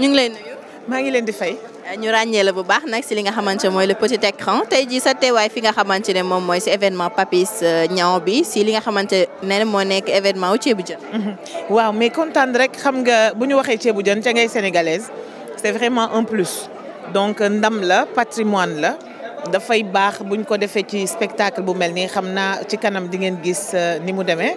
ñu ngi lay maa ngi leen di fay. ñu ràññee la bu baax nag si li nga xamante mooy le petit écran tey jii sa teewaay fi nga xamante ne moom mooy si événement Papis euh, Niang bi si li nga xamante ne moo nekk événement wu ceebu jën. Mhm. waaw mais kontaan rek xam nga bu ñu waxee ceebu jën ca ngay sénégalaise c'est vraiment un plus donc ndam la patrimoine la dafay baax buñ ko defee ci spectacle bu mel nii xam naa ci kanam di ngeen gis euh, ni mu demee.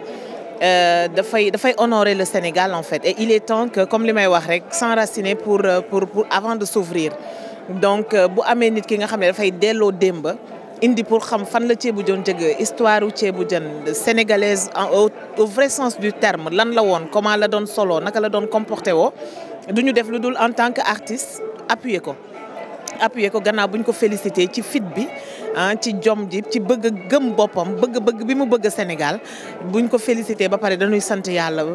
Euh, dafay dafay honorer le Sénégal en fait il est temps que comme li may wax rek s'enraciner pour euh, pour pour avant de s'ouvrir donc euh, bu amee nit ki nga xam ne dafay delloo démba indi pour xam fan la ceebu jën jógee histoire u ceebu jën sénégalaise au vrai sens du terme lan la woon comment la doon solo naka la doon comporté woo du ñu def lu dul en tant que artiste appuyer ko appuyer ko gannaaw bu ñu ko félicité ci fit bi ah ci jom ji ci bëgg gëm boppam bëgg-bëgg bi mu bëgg Sénégal buñ ko félicité ba pare dañuy sant yàlla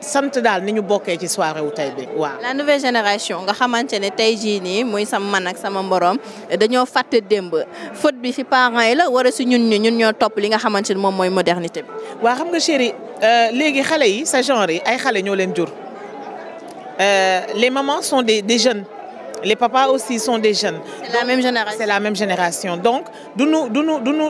sant daal ni ñu bokkee ci soirée wu tey bi waaw. la nouvelle génération nga xamante ne tey jii nii muy sama man ak sama mborom dañoo fàtte démb faute bi fi parents yi la wara si ñun ñun ñoo topp li nga xamante ne moom mooy modernité bi. waa xam nga chérie euh, léegi xale yi sa genre yi ay xale ñoo leen jur euh, les mamans sont des jeunes. les papas aussi sont des jeunes. c'est la même génération c'est donc du nu du nu du nu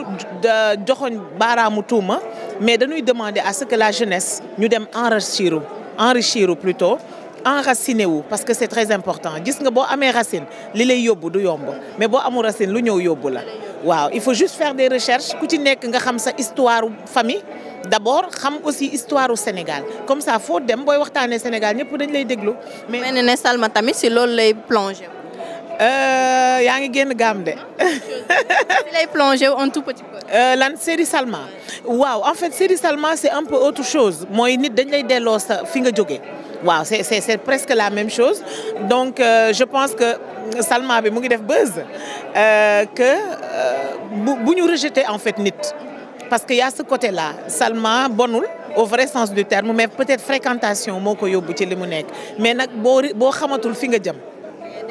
joxoñ baaraamu tuuma mais dañuy demander à ce que la jeunesse ñu dem enrichir enrichir plutôt. enraciné wu parce que c'est très important gis nga boo amee racine li lay yóbbu du yomb mais boo amu racine lu ñëw yóbbu la waaw il faut juste faire des recherches ku ci nekk nga xam sa histoire famille d'abord xam aussi histoire u Sénégal comme ça foo dem booy waxtaanee Sénégal ñëpp dañ lay déglu. mais mel ne Salma tamit si loolu lay plongé. Euh, yaa ngi génn gaam de. si lay plongé un tout euh, lan série Salma waaw en fait série Salma c'est un peu autre chose mooy nit dañ lay delloo sa fi nga jógee. waaw c'est c'est c'est presque la même chose donc euh, je pense que Salma bi mu ngi def buzz que bu ñu rejeter en fait nit. parce que y a ce côté-là Salma bonul au vrai sens du terme mais peut-être fréquentation moo ko yóbbu ci li mu nekk mais nag boo boo xamatul fi nga jëm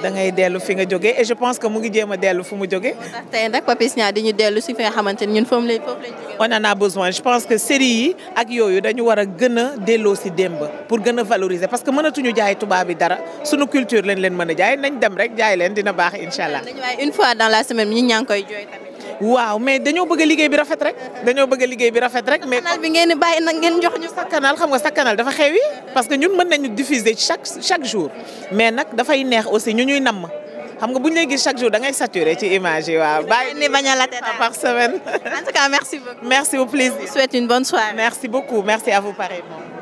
da ngay dellu fi nga jógee et je pense que mu ngi jéem a dellu fu mu jóge ndax tey nag Papis Niang di si fi nga xamante ni ñun foofu lañ foofu lañ jógee. on besoin je pense que série yi ak yooyu dañu war a gën a delloo si démb pour gën a valoriser parce que mënatuñu jaay tubaab bi dara sunu culture lañ leen mën a jaay nañ dem rek jaay leen dina baax incha allah. waaye une fois dans la semaine ngi koy jooy waaw mais dañoo bëgg a liggéey bi rafet rek dañoo bëgg a liggéey bi rafet rek mais canal bi ngeen di bàyyi nag ngeen jox ñu sa canal xam nga sa canal dafa xewi parce que ñun mën nañu diffuser chaque chaque jour mais nag dafay neex aussi ñu ñuy namm xam nga bu ñu lay gis chaque jour da ngay saturé ci image yi waaw. bàyyi ni bañ a la tête par semaine. en tout cas merci beaucoup. merci au plaisir. je vous souhaite merci beaucoup merci à vous